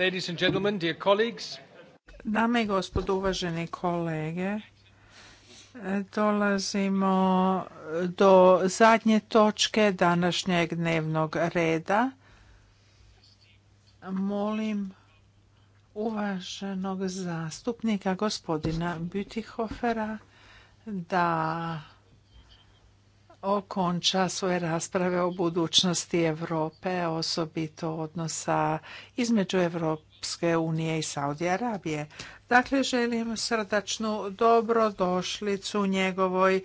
Ladies and gentlemen, Dame i gospodo, uvaženi kolege, dolazimo do zadnje točke današnjeg dnevnog reda. Molim uvaženog zastupnika gospodina Bütihofera da okonča svoje rasprave o budućnosti Europe, osobito odnosa između Europske unije i Saudije Arabije. Dakle, želim srdačnu dobrodošlicu njegovoj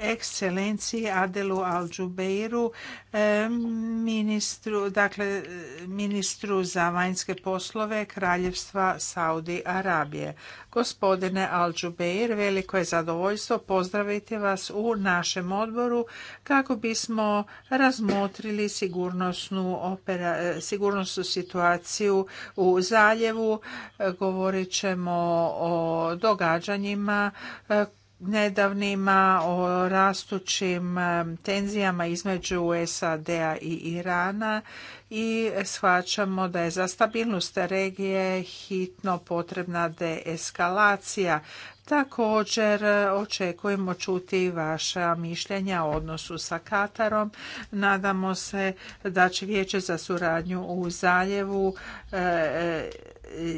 ekscelenciji Adelu Alđubeiru, e, ministru, dakle, ministru za vanjske poslove Kraljevstva Saudi Arabije. Gospodine Alđubeir, veliko je zadovoljstvo pozdraviti vas u našem odboru kako bismo razmotrili sigurnosnu, opera, e, sigurnosnu situaciju u Zaljevu. E, govorit ćemo o događanjima nedavnima o rastućim e, tenzijama između SAD-a i Irana i shvaćamo da je za stabilnost regije hitno potrebna deeskalacija. Također e, očekujemo čuti vaša mišljenja o odnosu sa Katarom. Nadamo se da će vijeće za suradnju u Zaljevu e, e,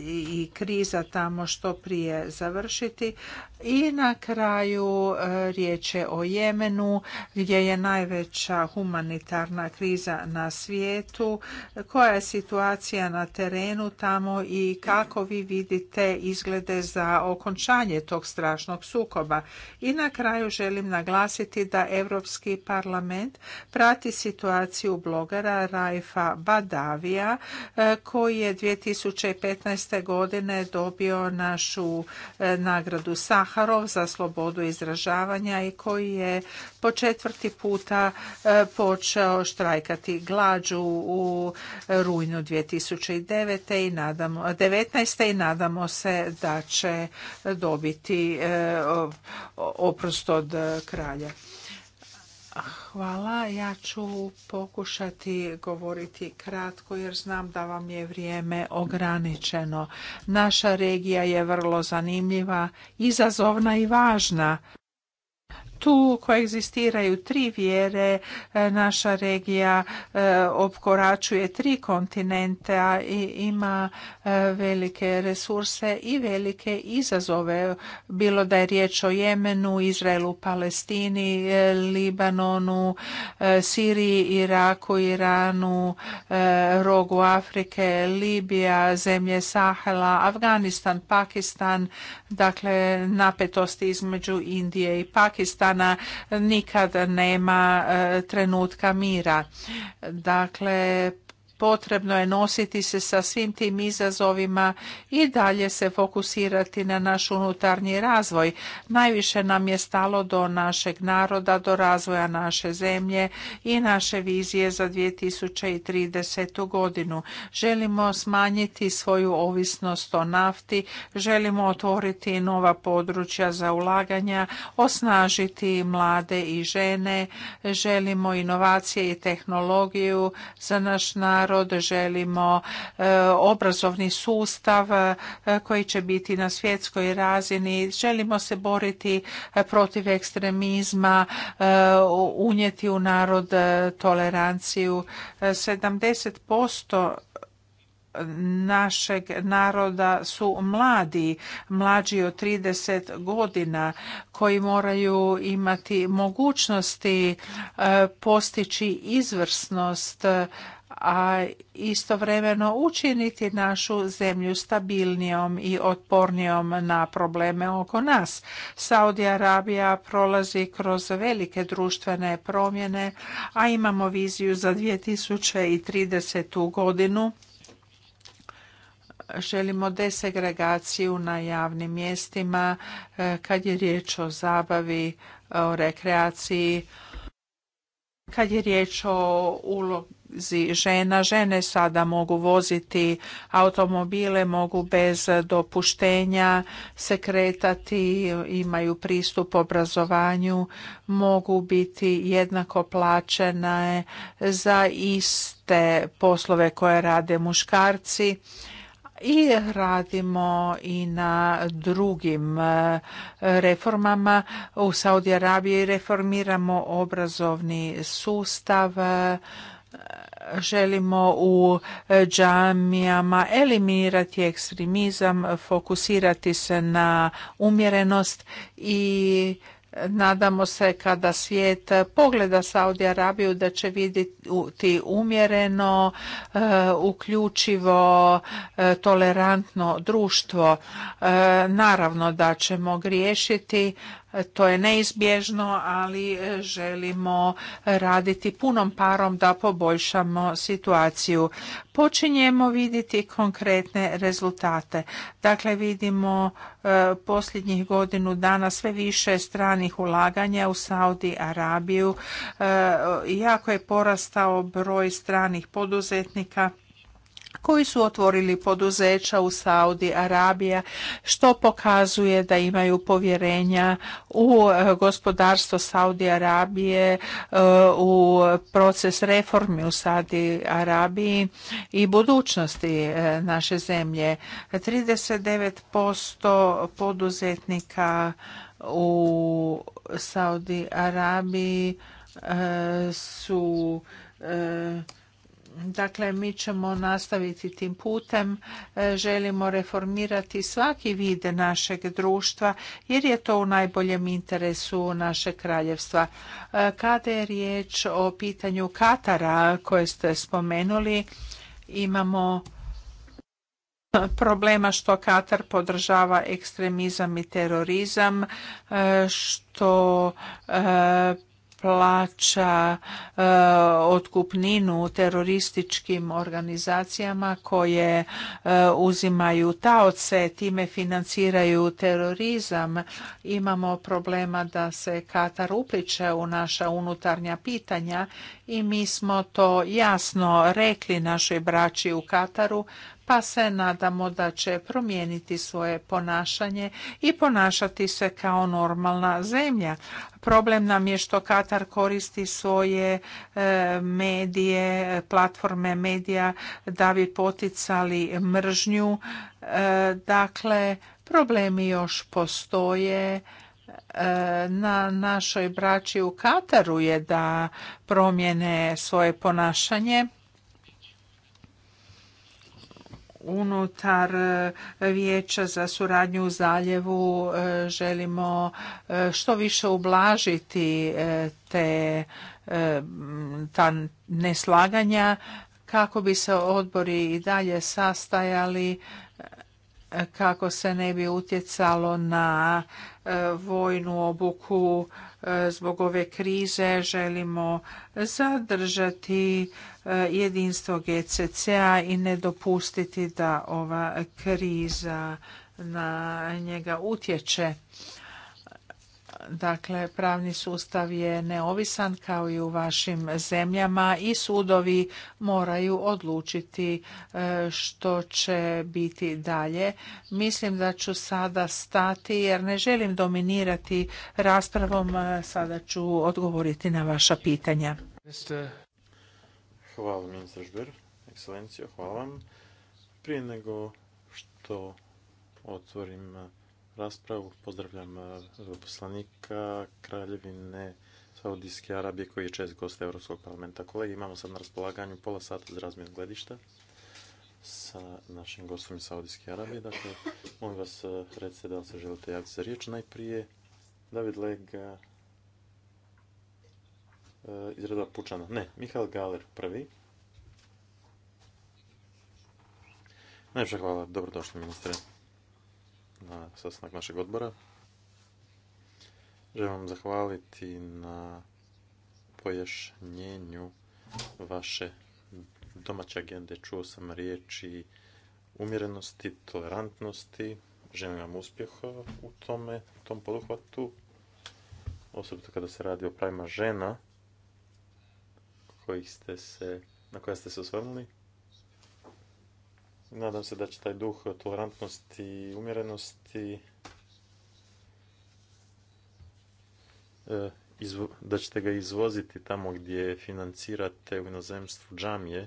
i kriza tamo što prije završiti. I na kraju riječ je o Jemenu gdje je najveća humanitarna kriza na svijetu. Koja je situacija na terenu tamo i kako vi vidite izglede za okončanje tog tog strašnog sukoba. I na kraju želim naglasiti da Europski parlament prati situaciju blogera Raifa Badavija e, koji je 2015. godine dobio našu e, nagradu Saharov za slobodu izražavanja i koji je po četvrti puta e, počeo štrajkati glađu u rujnu 2019. i nadamo, 19. i nadamo se da će dobiti dobiti e, oprost od kralja. Hvala. Ja ću pokušati govoriti kratko jer znam da vam je vrijeme ograničeno. Naša regija je vrlo zanimljiva, izazovna i važna tu koegzistiraju tri vjere, e, naša regija e, opkoračuje tri kontinente i ima e, velike resurse i velike izazove, bilo da je riječ o Jemenu, Izraelu, Palestini, Libanonu, Siriji, Iraku, Iranu, rogu Afrike, Libija, zemlje Sahela, Afganistan, Pakistan, dakle napetosti između Indije i Pakistana Nikada nikad nema e, trenutka mira. Dakle, Potrebno je nositi se sa svim tim izazovima i dalje se fokusirati na naš unutarnji razvoj. Najviše nam je stalo do našeg naroda, do razvoja naše zemlje i naše vizije za 2030. godinu. Želimo smanjiti svoju ovisnost o nafti, želimo otvoriti nova područja za ulaganja, osnažiti mlade i žene, želimo inovacije i tehnologiju za naš narod narod, želimo e, obrazovni sustav e, koji će biti na svjetskoj razini, želimo se boriti e, protiv ekstremizma, unijeti u narod toleranciju. 70% našeg naroda su mladi, mlađi od 30 godina koji moraju imati mogućnosti postići izvrsnost a istovremeno učiniti našu zemlju stabilnijom i otpornijom na probleme oko nas. Saudi Arabija prolazi kroz velike društvene promjene, a imamo viziju za 2030. godinu želimo desegregaciju na javnim mjestima e, kad je riječ o zabavi, o rekreaciji, kad je riječ o ulozi žena, žene sada mogu voziti automobile, mogu bez dopuštenja se kretati, imaju pristup obrazovanju, mogu biti jednako plaćene za iste poslove koje rade muškarci i radimo i na drugim e, reformama. U Saudi Arabiji reformiramo obrazovni sustav, e, želimo u džamijama eliminirati ekstremizam, fokusirati se na umjerenost i Nadamo se kada svijet pogleda Saudi Arabiju da će vidjeti umjereno, e, uključivo, e, tolerantno društvo. E, naravno da ćemo griješiti, to je neizbježno, ali e, želimo raditi punom parom da poboljšamo situaciju. Počinjemo vidjeti konkretne rezultate. Dakle, vidimo e, posljednjih godinu dana sve više stranih ulaganja u Saudi Arabiju. E, jako je porastao broj stranih poduzetnika koji su otvorili poduzeća u Saudi Arabija, što pokazuje da imaju povjerenja u e, gospodarstvo Saudi Arabije, e, u proces reformi u Saudi Arabiji i budućnosti e, naše zemlje. 39% poduzetnika u Saudi Arabiji su Dakle, mi ćemo nastaviti tim putem. E, želimo reformirati svaki vid našeg društva jer je to u najboljem interesu našeg kraljevstva. E, kada je riječ o pitanju Katara koje ste spomenuli, imamo problema što Katar podržava ekstremizam i terorizam, e, što plaća e, otkupninu terorističkim organizacijama koje uzimaju e, uzimaju taoce, time financiraju terorizam. Imamo problema da se Katar upliče u naša unutarnja pitanja i mi smo to jasno rekli našoj braći u Kataru pa se nadamo da će promijeniti svoje ponašanje i ponašati se kao normalna zemlja. Problem nam je što Katar koristi svoje e, medije, platforme medija da bi poticali mržnju. E, dakle, problemi još postoje e, na našoj braći u Kataru je da promijene svoje ponašanje unutar e, vijeća za suradnju u zaljevu e, želimo e, što više ublažiti te ta neslaganja kako bi se odbori i dalje sastajali kako se ne bi utjecalo na vojnu obuku zbog ove krize želimo zadržati E, jedinstvo GCC-a i ne dopustiti da ova kriza na njega utječe. Dakle, pravni sustav je neovisan kao i u vašim zemljama i sudovi moraju odlučiti e, što će biti dalje. Mislim da ću sada stati jer ne želim dominirati raspravom. Sada ću odgovoriti na vaša pitanja. Hvala ministar Žber, ekscelencija, hvala vam. Prije nego što otvorim raspravu, pozdravljam eh, poslanika Kraljevine Saudijske Arabije koji je čest gost Europskog parlamenta. Kolege, imamo sad na raspolaganju pola sata za razmjenu gledišta sa našim gostom iz Saudijske Arabije. Dakle, molim vas eh, recite da li se želite javiti za riječ. Najprije David Lega E, iz reda Pučana. Ne, Mihael Galer prvi. Najljepša hvala, dobrodošli ministre na sastanak našeg odbora. Želim vam zahvaliti na pojašnjenju vaše domaće agende. Čuo sam riječi umjerenosti, tolerantnosti. Želim vam uspjeha u tome, u tom poduhvatu. Osobito kada se radi o pravima žena kojih ste se, na koja ste se osvrnuli. Nadam se da će taj duh tolerantnosti i umjerenosti e, da ćete ga izvoziti tamo gdje financirate u inozemstvu džamije.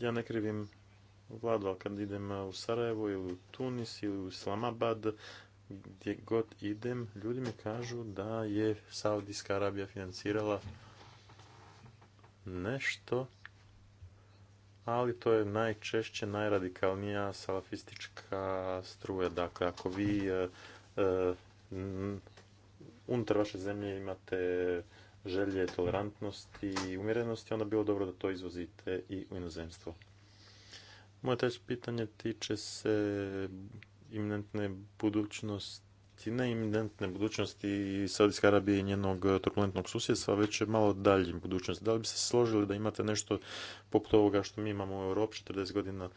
Ja ne krivim vladu, ali kad idem u Sarajevo ili u Tunis ili u Islamabad, gdje god idem, ljudi mi kažu da je Saudijska Arabija financirala nešto, ali to je najčešće najradikalnija salafistička struja. Dakle, ako vi eh, eh, unutar vaše zemlje imate želje tolerantnosti i umjerenosti, onda bilo dobro da to izvozite i u inozemstvo. Moje treće pitanje tiče se iminentne budućnosti, ne iminentne budućnosti Saudijske Arabije i njenog turbulentnog susjedstva, već je malo daljim budućnost. Da li bi se složili da imate nešto poput ovoga što mi imamo u Europi 40 godina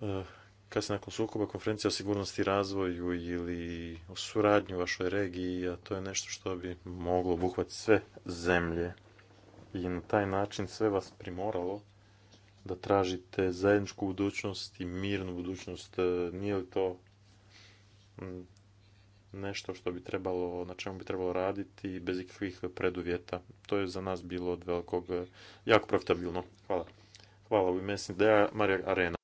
eh, kasnije nakon sukoba konferencija o sigurnosti i razvoju ili o suradnju u vašoj regiji, a to je nešto što bi moglo obuhvatiti sve zemlje i na taj način sve vas primoralo da tražite zajedničku budućnost i mirnu budućnost. E, nije li to mm, nešto što bi trebalo, na čemu bi trebalo raditi bez ikakvih preduvjeta. To je za nas bilo od velikog, e, jako profitabilno. Hvala. Hvala u ime Marija Arena.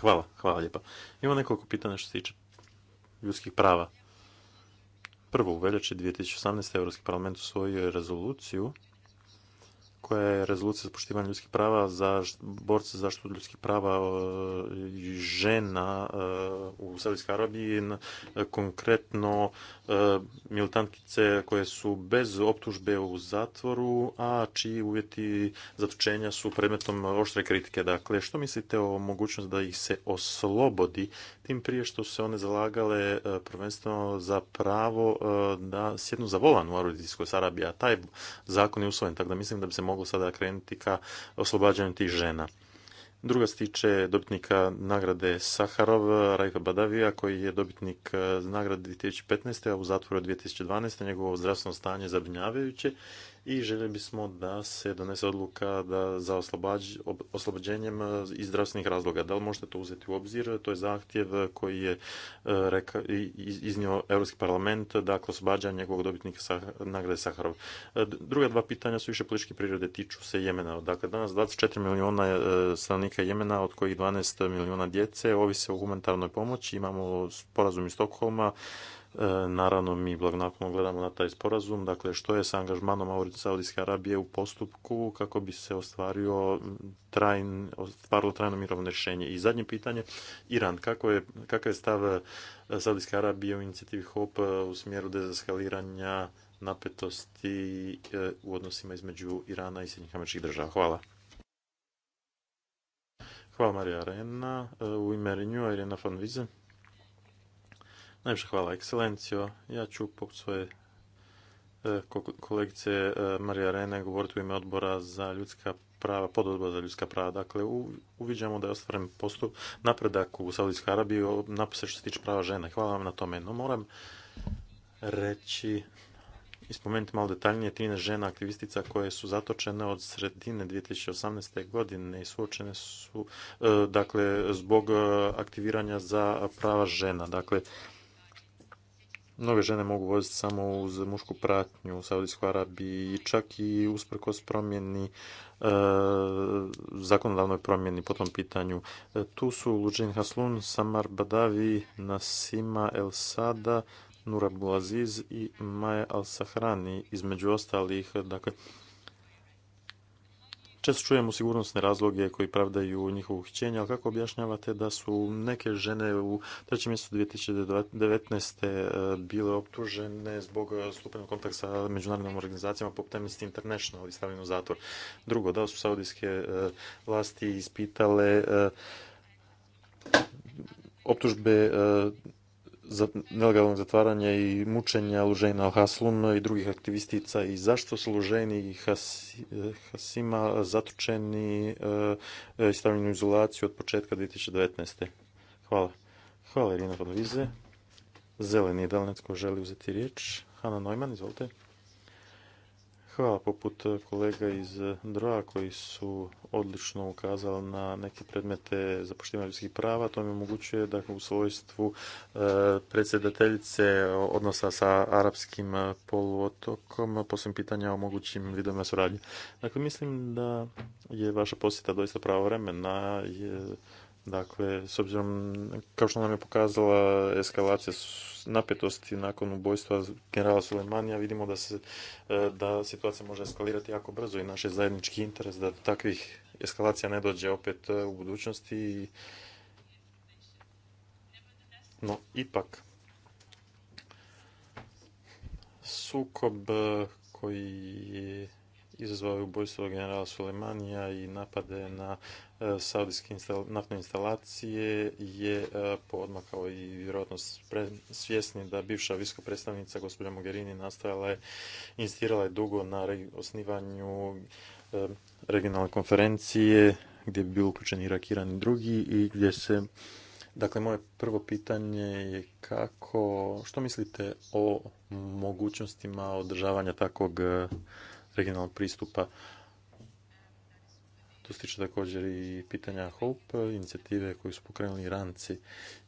Hvala, hvala lijepa. Ima nekoliko pitanja što se tiče ljudskih prava. Prvo, u veljači 2018. Europski parlament usvojio je rezoluciju koja je rezolucija za poštivanje ljudskih prava za borce za zaštitu ljudskih prava e, žena e, u Saudijskoj Arabiji, konkretno e, militantkice koje su bez optužbe u zatvoru, a čiji uvjeti zatočenja su predmetom oštre kritike. Dakle, što mislite o mogućnosti da ih se oslobodi, tim prije što su se one zalagale prvenstveno za pravo da sjednu za volan u Arabijskoj Arabiji, a taj zakon je usvojen, tako da mislim da bi se moglo mogu sada krenuti ka oslobađanju tih žena. Druga se tiče dobitnika nagrade Saharov, Rajka Badavija, koji je dobitnik eh, nagrade 2015. a u zatvoru 2012. Njegovo zdravstveno stanje zabrinjavajuće i željeli bismo da se donese odluka da za oslobođenjem e, iz zdravstvenih razloga. Da li možete to uzeti u obzir? To je zahtjev koji je e, iznio Europski parlament, dakle oslobađanje njegovog dobitnika sa, nagrade Saharov. E, druga dva pitanja su više političke prirode, tiču se Jemena. Dakle, danas 24 milijuna stanovnika Jemena, od kojih 12 milijuna djece, ovise o humanitarnoj pomoći. Imamo sporazum iz Stokholma E, naravno, mi blagonaklono gledamo na taj sporazum, dakle što je sa angažmanom Saudijske Arabije u postupku kako bi se ostvario ostvarilo trajno mirovno rješenje. I zadnje pitanje, Iran, kako je, kakav je stav e, Saudijske Arabije u inicijativi HOP e, u smjeru dezaskaliranja napetosti u odnosima između Irana i Sjednjih američkih država? Hvala. Hvala Marija Arena. U ime Renju, Irena van Najviše hvala, ekscelencijo. Ja ću poput svoje e, kolegice e, Marija Rene govoriti u ime odbora za ljudska prava, pododbora za ljudska prava. Dakle, uviđamo da je ostvaren postup napredak u Saudijskoj Arabiji, napose što se tiče prava žena. Hvala vam na tome. No moram reći i spomenuti malo detaljnije tine žena aktivistica koje su zatočene od sredine 2018. godine i suočene su e, dakle, zbog aktiviranja za prava žena. Dakle, mnoge žene mogu voziti samo uz mušku pratnju u Saudijskoj Arabiji i čak i usprkos promjeni, e, zakonodavnoj promjeni po tom pitanju. E, tu su Luđin Haslun, Samar Badavi, Nasima El Sada, Nura Bulaziz i Maja Al Sahrani, između ostalih, dakle, Često čujemo sigurnosne razloge koji pravdaju njihovo uhićenje, ali kako objašnjavate da su neke žene u trećem mjestu 2019. Eh, bile optužene zbog eh, stupenog kontakta sa međunarodnim organizacijama poput Amnesty International i stavljene u zatvor? Drugo, da su saudijske eh, vlasti ispitale optužbe nelegalnog zatvaranja i mučenja Lužena Haslun i drugih aktivistica i zašto su Luženi i Hasima zatočeni e, e, i stavljeni u izolaciju od početka 2019. Hvala. Hvala Irina Podovize. Zeleni, da li želi uzeti riječ? Hanna Neumann, izvolite hvala poput eh, kolega iz eh, DRA koji su odlično ukazali na neke predmete poštivanje ljudskih prava. To mi omogućuje da u svojstvu eh, predsjedateljice odnosa sa arapskim poluotokom poslijem pitanja o mogućim vidovima suradnje. Dakle, mislim da je vaša posjeta doista pravovremena. i Dakle, s obzirom, kao što nam je pokazala eskalacija napetosti nakon ubojstva generala Sulemanija, vidimo da se e, da situacija može eskalirati jako brzo i naš je zajednički interes da takvih eskalacija ne dođe opet e, u budućnosti. No, ipak, sukob e, koji je izazvao ubojstvo generala Sulemanija i napade na E, saudijske naftne instalacije je e, poodmakao i vjerojatno svjesni da bivša visoka predstavnica gospođa Mogherini nastojala je, insistirala je dugo na osnivanju e, regionalne konferencije gdje bi bilo uključeni Irak, Iran i drugi i gdje se Dakle, moje prvo pitanje je kako, što mislite o mogućnostima održavanja takvog regionalnog pristupa to se također i pitanja HOPE, inicijative koju su pokrenuli ranci.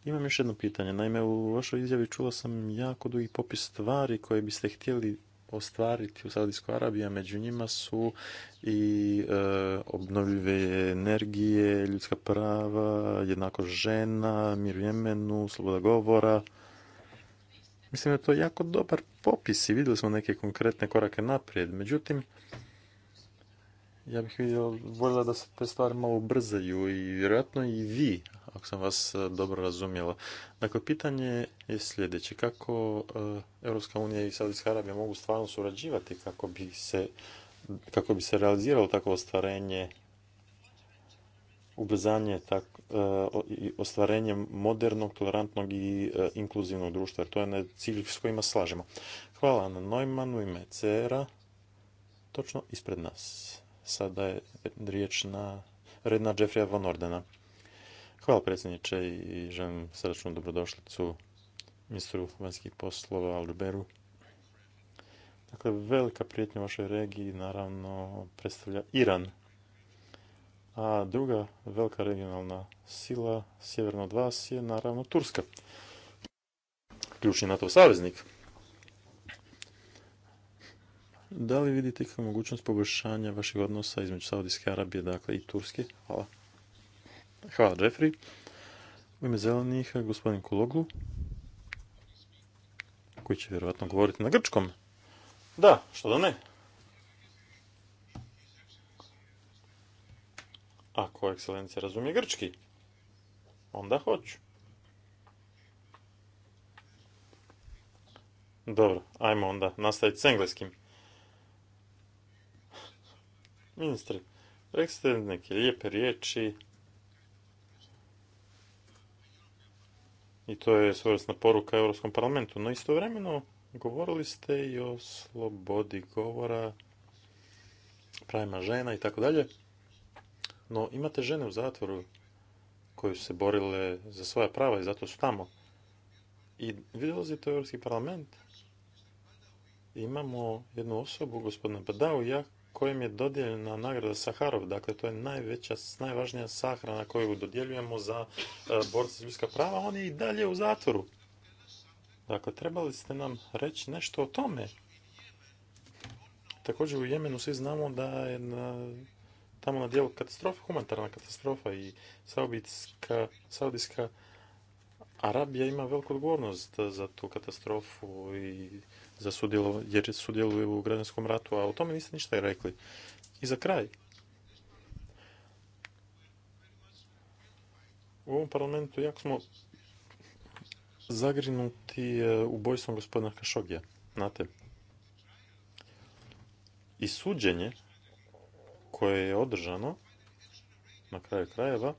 Imam još jedno pitanje. Naime, u vašoj izjavi čula sam jako dugi popis stvari koje biste htjeli ostvariti u Saudijskoj Arabiji, a među njima su i e, obnovljive energije, ljudska prava, jednako žena, mir sloboda govora. Mislim da je to jako dobar popis i vidjeli smo neke konkretne korake naprijed. Međutim, ja bih vidjela, voljela da se te stvari malo ubrzaju i vjerojatno i vi, ako sam vas e, dobro razumjela. Dakle, pitanje je sljedeće. Kako e, Europska unija i Saudijska Arabija mogu stvarno surađivati kako bi se, kako bi se realiziralo takvo ostvarenje ubrzanje e, i ostvarenje modernog, tolerantnog i inkluzivnog društva, jer to je na cilj s kojima slažemo. Hvala na Neumannu i Mecera, točno ispred nas. Sada je riječ na redna Jeffreya von Ordena. Hvala predsjedniče i želim srdečnu dobrodošlicu ministru vanjskih poslova Alberu. Dakle, velika prijetnja u vašoj regiji naravno predstavlja Iran. A druga velika regionalna sila sjeverno od vas je naravno Turska. Ključni NATO saveznik. Da li vidite mogućnost poboljšanja vaših odnosa između Saudijske Arabije, dakle i Turske? Hvala. Hvala, Jeffrey. U ime zelenih, gospodin Kuloglu, koji će vjerojatno govoriti na grčkom. Da, što da ne? Ako ekscelencija razumije grčki, onda hoću. Dobro, ajmo onda nastaviti s engleskim. Ministre, rekli ste neke lijepe riječi i to je svojstvena poruka Europskom parlamentu, no istovremeno govorili ste i o slobodi govora, pravima žena i tako dalje. No imate žene u zatvoru koje su se borile za svoja prava i zato su tamo. I vi dolazite u Europski parlament, imamo jednu osobu, gospodina Badao, ja kojem je dodijeljena nagrada Saharov. Dakle, to je najveća, najvažnija sahrana koju dodjeljujemo za e, borce za ljudska prava. On je i dalje u zatvoru. Dakle, trebali ste nam reći nešto o tome. Također u Jemenu svi znamo da je tamo na dijelu katastrofa, humanitarna katastrofa i saudijska Arabija ima veliku odgovornost za tu katastrofu i za sudjelo, jer sudjeluje u građanskom ratu, a o tome niste ništa rekli. I za kraj, u ovom parlamentu jako smo zagrinuti e, ubojstvom gospodina Kašogija. Znate, i suđenje koje je održano na kraju krajeva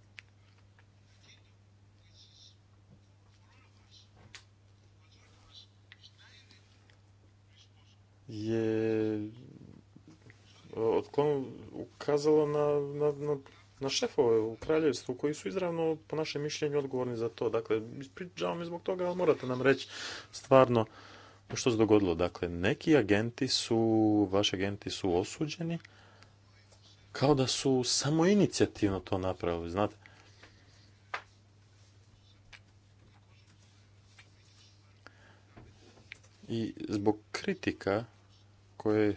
je e, ukazalo na, na, na, na šefove u kraljevstvu koji su izravno po našem mišljenju odgovorni za to. Dakle, pričavam mi zbog toga, ali morate nam reći stvarno što se dogodilo. Dakle, neki agenti su, vaši agenti su osuđeni kao da su samo inicijativno to napravili, znate. I zbog kritika koje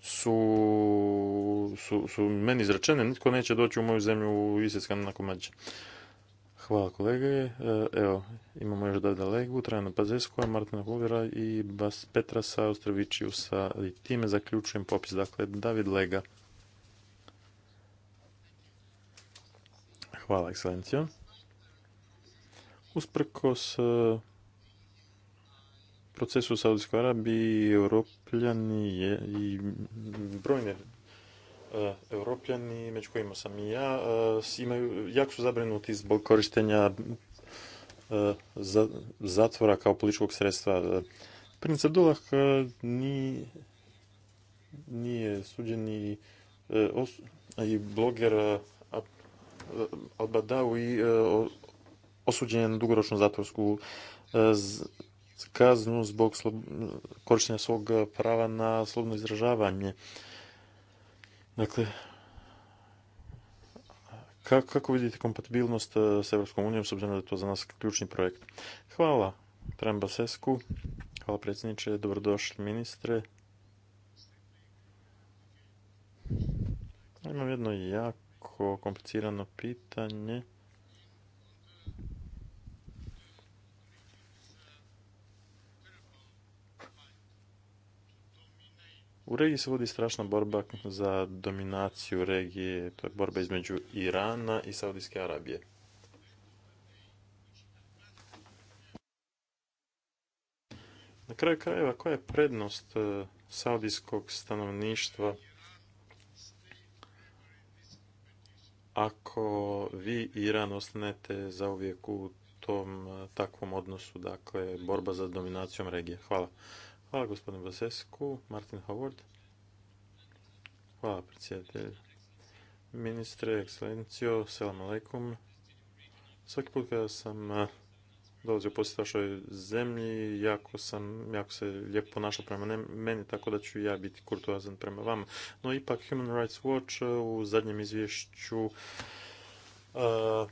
su, su, su meni izrečene, nitko neće doći u moju zemlju u Isetskan na komadiće. Hvala kolege. E, evo, imamo još Davida Legu, Trajana Pazeskova, Martina Huvera i Bas Petrasa Ostrovićiusa. I time zaključujem popis. Dakle, David Lega. Hvala, ekscelencijo. Usprkos e, procesu u Saudijskoj Arabiji, europljani i brojne e, europljani, među kojima sam i ja, e, imaju, jako su zabrinuti zbog korištenja zatvora kao političkog sredstva. Prince Abdullah nije, nije suđen i, i bloger i osuđen je na dugoročnu zatvorsku e, kaznu zbog korištenja svog prava na slobno izražavanje. Dakle, kako, vidite kompatibilnost e, s EU, unijom, s obzirom da je to za nas ključni projekt? Hvala Prem Sesku, hvala predsjedniče, dobrodošli ministre. Imam jedno jako komplicirano pitanje. U regiji se vodi strašna borba za dominaciju regije, to je borba između Irana i Saudijske Arabije. Na kraju krajeva, koja je prednost e, saudijskog stanovništva ako vi Iran ostanete zauvijek u tom e, takvom odnosu, dakle, borba za dominacijom regije? Hvala. Hvala gospodinu Vasescu, Martin Howard. Hvala predsjedatelj. Ministre, ekscelencijo, selam alaikum. Svaki put kada sam eh, dolazio posjet vašoj zemlji, jako sam, jako se lijepo ponašao prema meni, tako da ću ja biti kurtoazan prema vama. No ipak Human Rights Watch eh, u zadnjem izvješću eh,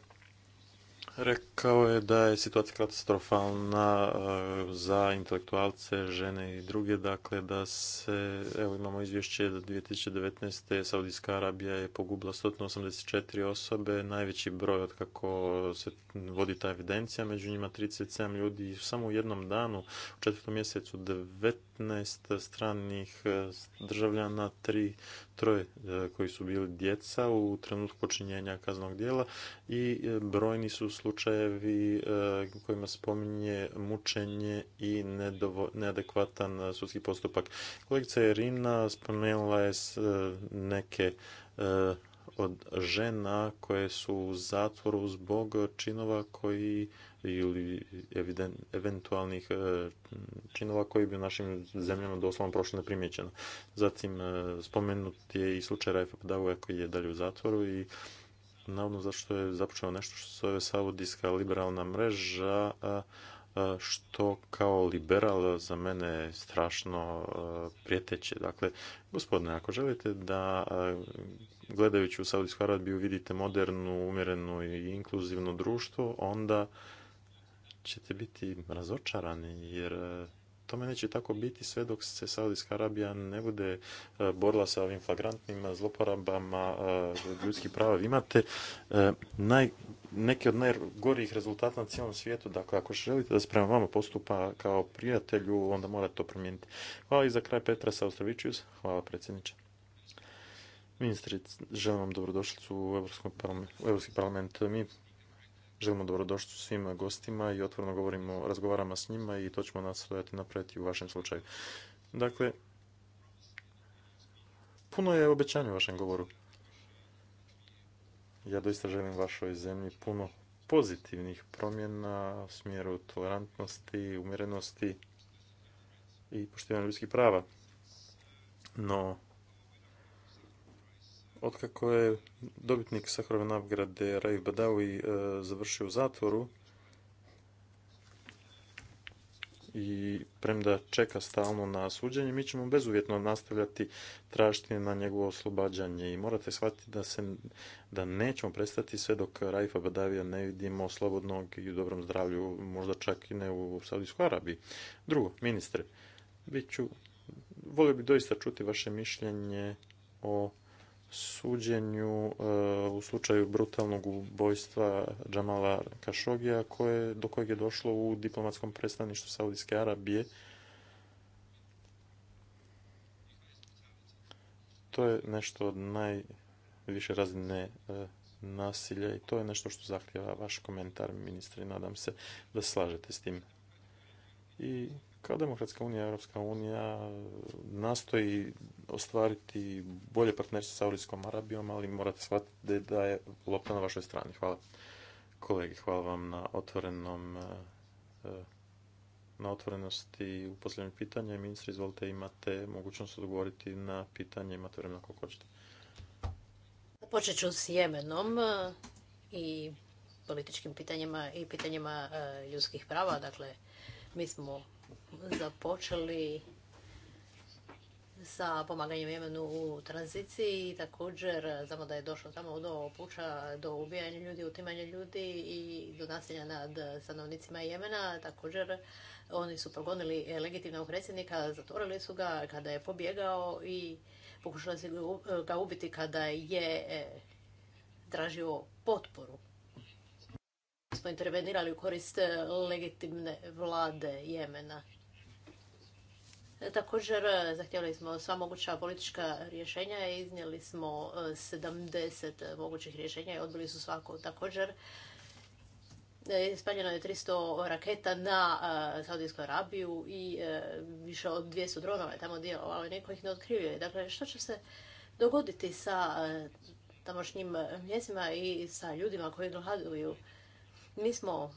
Rekao je da je situacija katastrofalna e, za intelektualce, žene i druge, dakle da se, evo imamo izvješće da 2019. Saudijska Arabija je pogubila 184 osobe, najveći broj od kako se vodi ta evidencija, među njima 37 ljudi samo u jednom danu, u četvrtom mjesecu 15 stranih e, državljana, tri, troje e, koji su bili djeca u trenutku počinjenja kaznog dijela i e, brojni su slučajevi kojima spominje mučenje i neadekvatan sudski postupak. Kolegica Irina spomenula je neke od žena koje su u zatvoru zbog činova koji ili eventualnih e, činova koji bi u našim zemljama doslovno prošlo neprimjećeno. Zatim e, spomenut je i slučaj Rajfa Padavuja koji je dalje u zatvoru i navodno zašto je započeo nešto što se zove Saudijska liberalna mreža, što kao liberal za mene je strašno e, prijeteće. Dakle, gospodine, ako želite da gledajući u Saudijsku Arabiju vidite modernu, umjerenu i inkluzivno društvo, onda ćete biti razočarani jer e, tome neće tako biti sve dok se Saudijska Arabija ne bude e, borila sa ovim flagrantnim zloporabama e, ljudskih prava. imate naj, neke od najgorih rezultata na cijelom svijetu. Dakle, ako želite da se prema vama postupa kao prijatelju, onda morate to promijeniti. Hvala i za kraj Petra Saustrovićius. Hvala predsjedniče. Ministri, želim vam dobrodošlicu u Europski parlament. Mi Želimo dobrodošću svima gostima i otvorno govorimo, razgovaramo s njima i to ćemo nastojati napraviti u vašem slučaju. Dakle, puno je obećanja u vašem govoru. Ja doista želim vašoj zemlji puno pozitivnih promjena u smjeru tolerantnosti, umjerenosti i poštivanja ljudskih prava. No, otkako je dobitnik Sahrove nagrade Raif Badawi e, završio u zatvoru i premda čeka stalno na suđenje, mi ćemo bezuvjetno nastavljati tražiti na njegovo oslobađanje i morate shvatiti da, se, da nećemo prestati sve dok Raifa Badavija ne vidimo slobodnog i u dobrom zdravlju, možda čak i ne u Saudijskoj Arabiji. Drugo, ministre, bit volio bi doista čuti vaše mišljenje o suđenju e, u slučaju brutalnog ubojstva Džamala Kašogija koje, do kojeg je došlo u diplomatskom predstavništvu Saudijske Arabije. To je nešto od najviše razine e, nasilja i to je nešto što zahtjeva vaš komentar, ministri. Nadam se da slažete s tim. I kao demokratska unija, Europska unija e, nastoji ostvariti bolje partnerstvo sa Saudijskom Arabijom, ali morate shvatiti da je lopta na vašoj strani. Hvala kolegi, hvala vam na otvorenom e, e, na otvorenosti u posljednjem pitanju. Ministri, izvolite, imate mogućnost odgovoriti na pitanje, imate vremena koliko hoćete. Počet ću s Jemenom i političkim pitanjima i pitanjima ljudskih prava. Dakle, mi smo započeli sa pomaganjem Jemenu u tranziciji i također znamo da je došlo tamo do puča, do ubijanja ljudi, utimanja ljudi i do nasilja nad stanovnicima Jemena. Također oni su progonili legitimnog predsjednika, zatvorili su ga kada je pobjegao i pokušali su ga ubiti kada je eh, tražio potporu smo intervenirali u korist e, legitimne vlade Jemena. E, također e, zahtjevali smo sva moguća politička rješenja i iznijeli smo 70 mogućih rješenja i odbili su svako. Također ispaljeno je 300 raketa na Saudijsku Arabiju i više od 200 dronova je tamo djelovalo, ali neko ih ne otkrivio. Dakle, što će se dogoditi sa tamošnjim mjestima i sa ljudima koji gladuju? Mi smo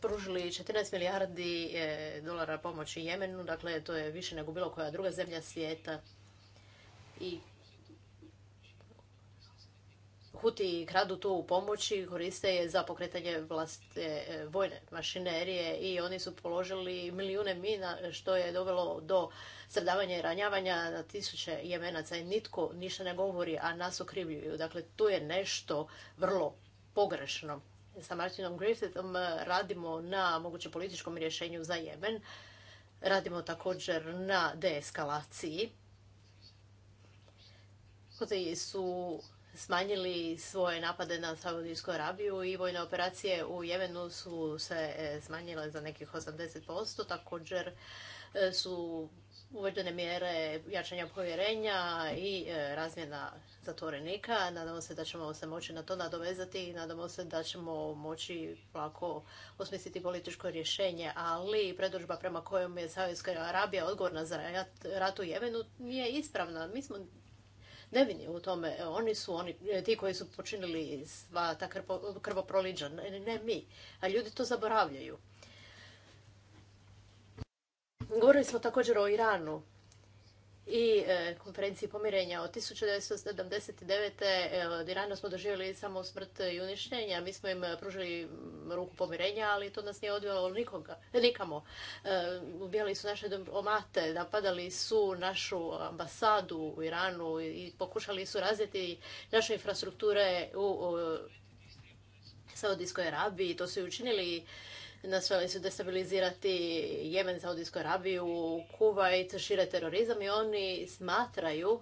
pružili 14 milijardi e, dolara pomoći Jemenu, dakle to je više nego bilo koja druga zemlja svijeta. I Huti kradu tu pomoći, koriste je za pokretanje vlastite e, vojne mašinerije i oni su položili milijune mina što je dovelo do stradavanja i ranjavanja na tisuće jemenaca i nitko ništa ne govori, a nas okrivljuju. Dakle, tu je nešto vrlo pogrešno sa Martinom Griffithom eh, radimo na mogućem političkom rješenju za Jemen. Radimo također na deeskalaciji. Koji su smanjili svoje napade na Saudijsku Arabiju i vojne operacije u Jemenu su se e, smanjile za nekih 80%. Također e, su uvedene mjere jačanja povjerenja i e, razmjena zatvorenika. Nadamo se da ćemo se moći na to nadovezati i nadamo se da ćemo moći lako osmisliti političko rješenje, ali predružba prema kojom je Saudijska Arabija odgovorna za rat u Jemenu nije ispravna. Mi smo nevini u tome. E, oni su oni, e, ti koji su počinili sva ta krvoproliđa, ne, ne mi. A ljudi to zaboravljaju. Govorili smo također o Iranu i e, konferenciji pomirenja. Od 1979. Irana smo doživjeli samo smrt i uništenja. Mi smo im pružili ruku pomirenja, ali to nas nije odvelo nikoga, nikamo. E, ubijali su naše domate, napadali su našu ambasadu u Iranu i pokušali su razviti naše infrastrukture u Saudijskoj Arabiji. To su i učinili nastojali su destabilizirati Jemen, Saudijsku Arabiju, Kuvajt, šire terorizam i oni smatraju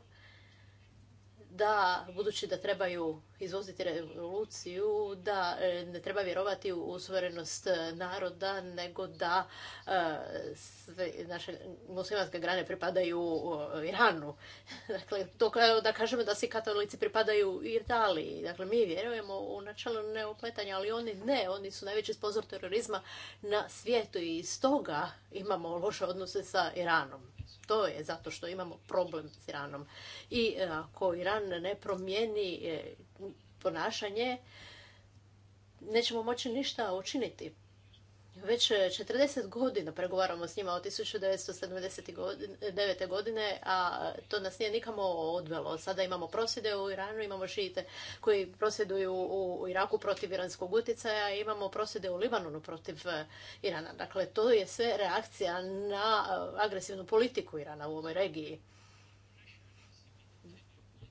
da, budući da trebaju izvoziti revoluciju, da e, ne treba vjerovati u suverenost e, naroda, nego da e, sve naše muslimanske grane pripadaju Iranu. Dakle, kao da kažemo da svi katolici pripadaju Italiji. Dakle, mi vjerujemo u načelo neopletanja, ali oni ne. Oni su najveći spozor terorizma na svijetu i stoga imamo loše odnose sa Iranom. To je zato što imamo problem s Iranom. I e, ako Iran ne promijeni e, ponašanje, nećemo moći ništa učiniti. Već 40 e, godina pregovaramo s njima od 1979. E, godine, a to nas nije nikamo odvelo. Sada imamo prosvjede u Iranu, imamo šite koji prosvjeduju u Iraku protiv iranskog utjecaja, imamo prosvjede u Libanonu protiv e, Irana. Dakle, to je sve reakcija na agresivnu politiku Irana u ovoj regiji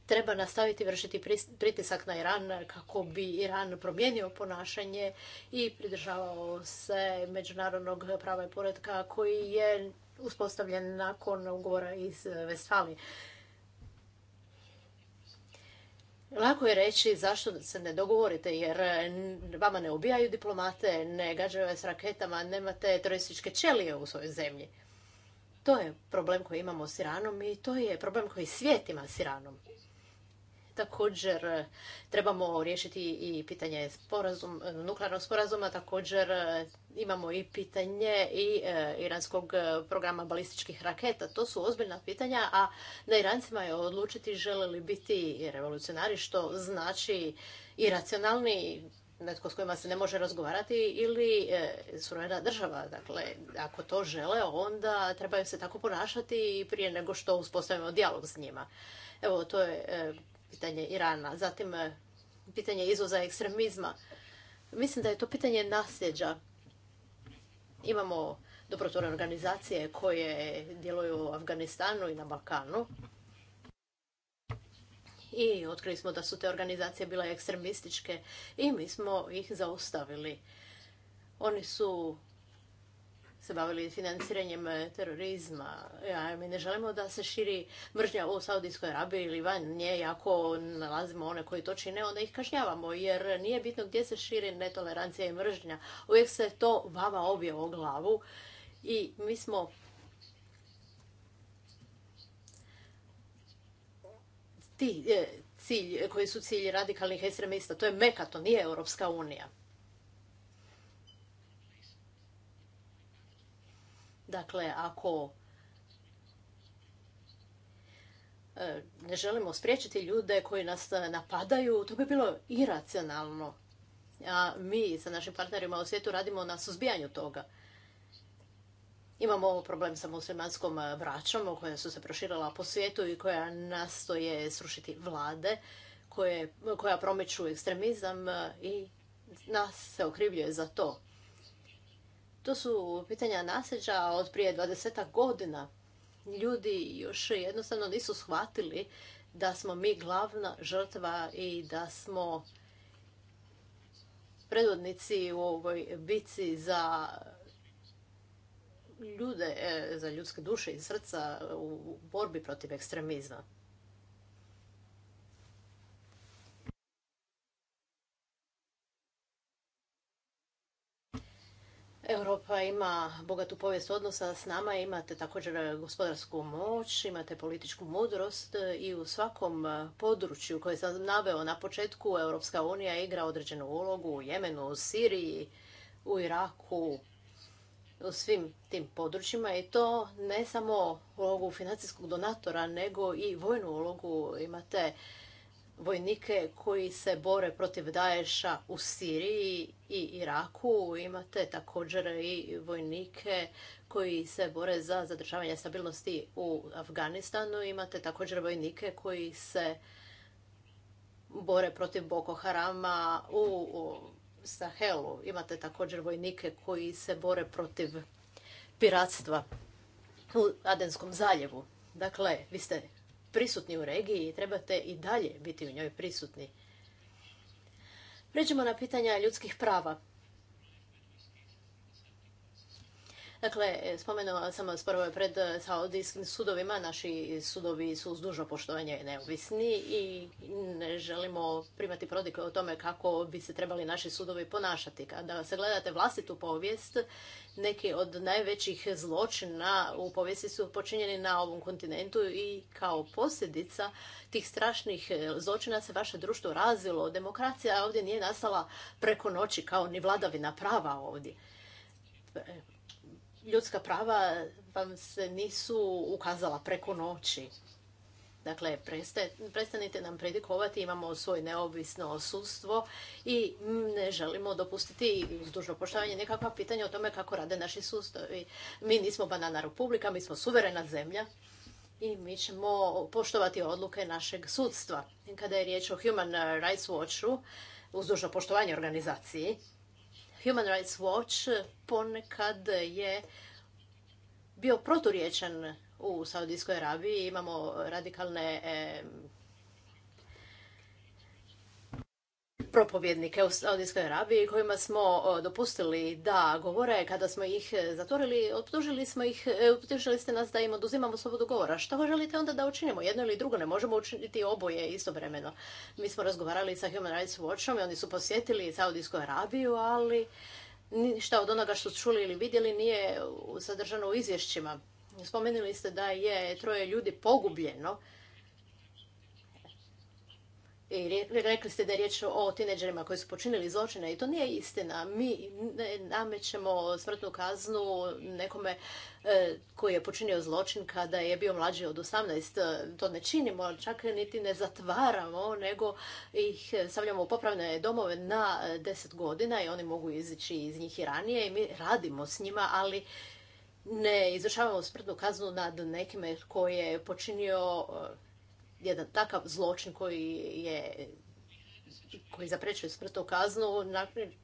treba nastaviti vršiti pritisak na Iran kako bi Iran promijenio ponašanje i pridržavao se međunarodnog prava i poredka koji je uspostavljen nakon ugovora iz Vestfali. Lako je reći zašto se ne dogovorite jer vama ne ubijaju diplomate, ne gađaju s raketama, nemate turističke ćelije u svojoj zemlji. To je problem koji imamo s Iranom i to je problem koji svijet ima s Iranom. Također e, trebamo riješiti i pitanje sporazum, e, nuklearnog sporazuma, također e, imamo i pitanje i iranskog programa balističkih raketa. To su ozbiljna pitanja, a na Irancima je odlučiti žele li biti revolucionari, što znači iracionalni netko s kojima se ne može razgovarati ili e, država. Dakle, ako to žele, onda trebaju se tako ponašati prije nego što uspostavimo dijalog s njima. Evo, to je pitanje Irana, zatim e, pitanje izvoza ekstremizma. Mislim da je to pitanje nasljeđa. Imamo dobrotvorne organizacije koje djeluju u Afganistanu i na Balkanu. I otkrili smo da su te organizacije bile ekstremističke i mi smo ih zaustavili. Oni su se bavili financiranjem e, terorizma. mi ne želimo da se širi mržnja u Saudijskoj Arabiji ili van nje. Ako nalazimo one koji to čine, onda ih kažnjavamo. Jer nije bitno gdje se širi netolerancija i mržnja. Uvijek se to vama obje o glavu. I mi smo ti, e, cilj, e, koji su cilji radikalnih ekstremista. To je Meka, to nije Europska unija. Dakle, ako e, ne želimo spriječiti ljude koji nas e, napadaju, to bi bilo iracionalno. A mi sa našim partnerima u svijetu radimo na suzbijanju toga. Imamo problem sa muslimanskom e, braćom koja su se proširila po svijetu i koja nastoje srušiti vlade, koja promiču ekstremizam i nas se okrivljuje za to. To su pitanja nasljeđa od prije 20 godina. Ljudi još jednostavno nisu shvatili da smo mi glavna žrtva i da smo predvodnici u ovoj bici za ljude, e, za ljudske duše i srca u borbi protiv ekstremizma. Europa ima bogatu povijest odnosa s nama, imate također e, gospodarsku moć, imate političku mudrost e, i u svakom e, području koje sam naveo na početku Europska unija igra određenu ulogu u Jemenu, u Siriji, u Iraku, u svim tim područjima i to ne samo ulogu financijskog donatora, nego i vojnu ulogu imate vojnike koji se bore protiv daješa u Siriji i Iraku. Imate također i vojnike koji se bore za zadržavanje stabilnosti u Afganistanu. Imate također vojnike koji se bore protiv Boko Harama u Sahelu. Imate također vojnike koji se bore protiv piratstva u Adenskom zaljevu. Dakle, vi ste prisutni u regiji i trebate i dalje biti u njoj prisutni. Pređemo na pitanja ljudskih prava. Dakle, e, spomenula sam e, sporove pred e, saudijskim sudovima. Naši sudovi su uz dužno poštovanje neovisni i ne želimo primati prodike o tome kako bi se trebali naši sudovi ponašati. Kada se gledate vlastitu povijest, neki od najvećih zločina u povijesti su počinjeni na ovom kontinentu i kao posljedica tih strašnih zločina se vaše društvo razilo. Demokracija ovdje nije nastala preko noći kao ni vladavina prava ovdje ljudska prava vam se nisu ukazala preko noći. Dakle, prestanite nam predikovati, imamo svoje neovisno sudstvo i ne želimo dopustiti uz dužno poštovanje nekakva pitanja o tome kako rade naši sustavi. Mi nismo banana republika, mi smo suverena zemlja i mi ćemo poštovati odluke našeg sudstva. Kada je riječ o Human Rights Watchu, uz dužno poštovanje organizaciji, Human Rights Watch ponekad je bio proturječan u Saudijskoj Arabiji. Imamo radikalne propovjednike u Saudijskoj Arabiji kojima smo dopustili da govore kada smo ih e, zatvorili, optužili smo ih, optužili e, ste nas da im oduzimamo slobodu govora. Što želite onda da učinimo? Jedno ili drugo, ne možemo učiniti oboje istovremeno. Mi smo razgovarali sa Human Rights Watchom i oni su posjetili Saudijsku Arabiju, ali ništa od onoga što su čuli ili vidjeli nije sadržano u izvješćima. Spomenuli ste da je troje ljudi pogubljeno i rekli ste da je riječ o tineđerima koji su počinili zločine i to nije istina. Mi ne namećemo smrtnu kaznu nekome e, koji je počinio zločin kada je bio mlađi od 18. To ne činimo, čak niti ne zatvaramo, nego ih stavljamo u popravne domove na 10 godina i oni mogu izići iz njih i ranije i mi radimo s njima, ali ne izvršavamo smrtnu kaznu nad nekime koji je počinio jedan takav zločin koji je koji zaprečuje smrtnu kaznu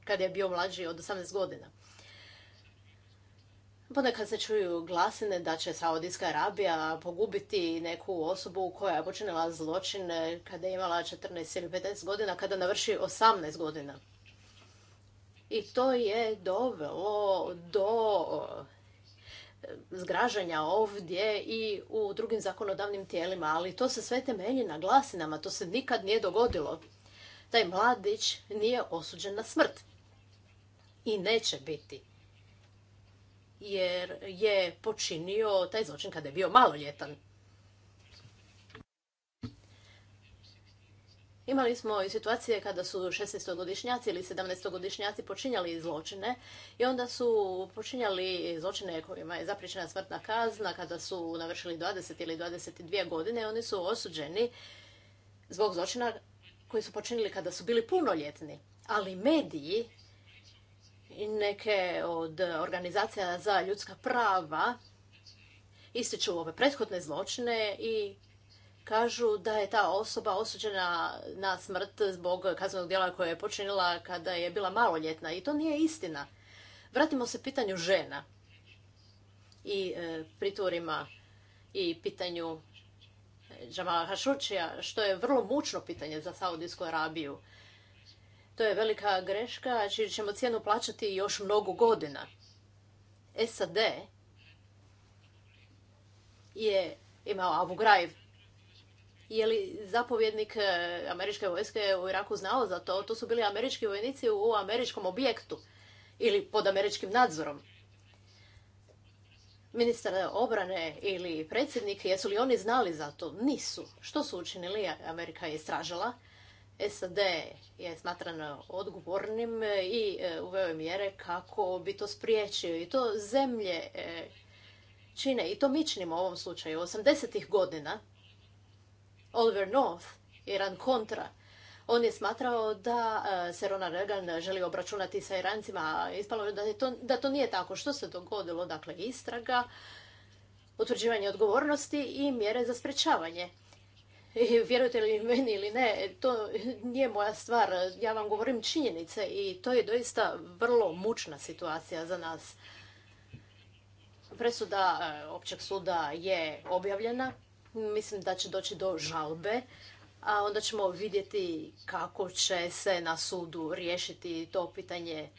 kada je bio mlađi od 18 godina. Ponekad se čuju glasine da će Saudijska Arabija pogubiti neku osobu koja je počinila zločin kada je imala 14 ili 15 godina, kada navrši 18 godina. I to je dovelo do zgražanja ovdje i u drugim zakonodavnim tijelima, ali to se sve temelji na glasinama, to se nikad nije dogodilo. Taj mladić nije osuđen na smrt i neće biti jer je počinio taj zločin kada je bio maloljetan. Imali smo i situacije kada su 16-godišnjaci ili 17-godišnjaci počinjali zločine i onda su počinjali zločine kojima je zapričena smrtna kazna kada su navršili 20 ili 22 godine. Oni su osuđeni zbog zločina koji su počinili kada su bili punoljetni. Ali mediji i neke od organizacija za ljudska prava ističu ove prethodne zločine i kažu da je ta osoba osuđena na smrt zbog kaznenog djela koje je počinila kada je bila maloljetna i to nije istina. Vratimo se pitanju žena i e, pritvorima i pitanju Džamala e, Hašučija, što je vrlo mučno pitanje za Saudijsku Arabiju. To je velika greška, čiju znači ćemo cijenu plaćati još mnogo godina. SAD je imao Abu Ghraib je li zapovjednik e, američke vojske u Iraku znao za to? To su bili američki vojnici u američkom objektu ili pod američkim nadzorom. Ministar obrane ili predsjednik, jesu li oni znali za to? Nisu. Što su učinili? Amerika je istražila. SAD je smatran odgovornim i e, uveo je mjere kako bi to spriječio. I to zemlje e, čine i to mi činimo u ovom slučaju. 80-ih godina Oliver North, Iran kontra. On je smatrao da e, se Ronald Reagan želi obračunati sa Irancima, a ispalo je da, to, nije tako. Što se dogodilo? Dakle, istraga, utvrđivanje odgovornosti i mjere za sprečavanje. Vjerujte li meni ili ne, to nije moja stvar. Ja vam govorim činjenice i to je doista vrlo mučna situacija za nas. Presuda e, općeg suda je objavljena Mislim da će doći do žalbe, a onda ćemo vidjeti kako će se na sudu riješiti to pitanje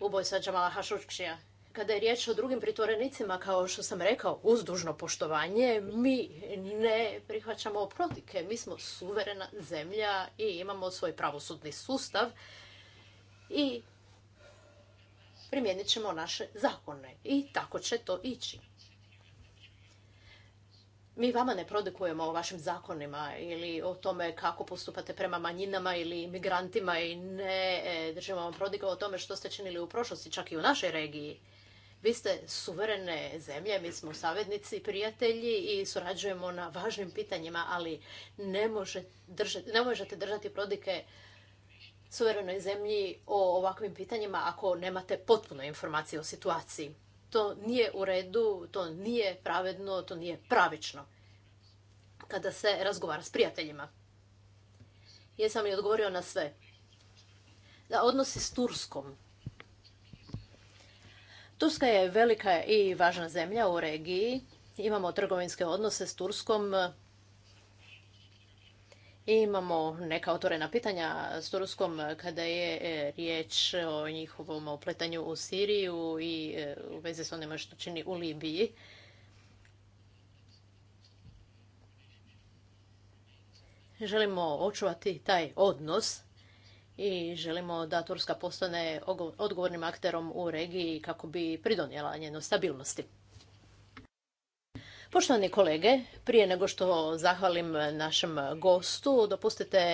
ubojstva Džamala Hašučkšija. Kada je riječ o drugim pritvorenicima, kao što sam rekao, uz dužno poštovanje, mi ne prihvaćamo protike. Mi smo suverena zemlja i imamo svoj pravosudni sustav i primijenit ćemo naše zakone. I tako će to ići mi vama ne prodikujemo o vašim zakonima ili o tome kako postupate prema manjinama ili migrantima i ne e, držimo vam prodika o tome što ste činili u prošlosti, čak i u našoj regiji. Vi ste suverene zemlje, mi smo savjednici, prijatelji i surađujemo na važnim pitanjima, ali ne, ne možete držati prodike suverenoj zemlji o ovakvim pitanjima ako nemate potpuno informacije o situaciji to nije u redu, to nije pravedno, to nije pravično kada se razgovara s prijateljima. Jesam li odgovorio na sve? Da, odnosi s Turskom. Turska je velika i važna zemlja u regiji. Imamo trgovinske odnose s Turskom Imamo neka otvorena pitanja s Turskom kada je e, riječ o njihovom opletanju u Siriju i e, u vezi s onima što čini u Libiji. Želimo očuvati taj odnos i želimo da Turska postane odgovornim akterom u regiji kako bi pridonijela njenoj stabilnosti. Poštovani kolege, prije nego što zahvalim našem gostu, dopustite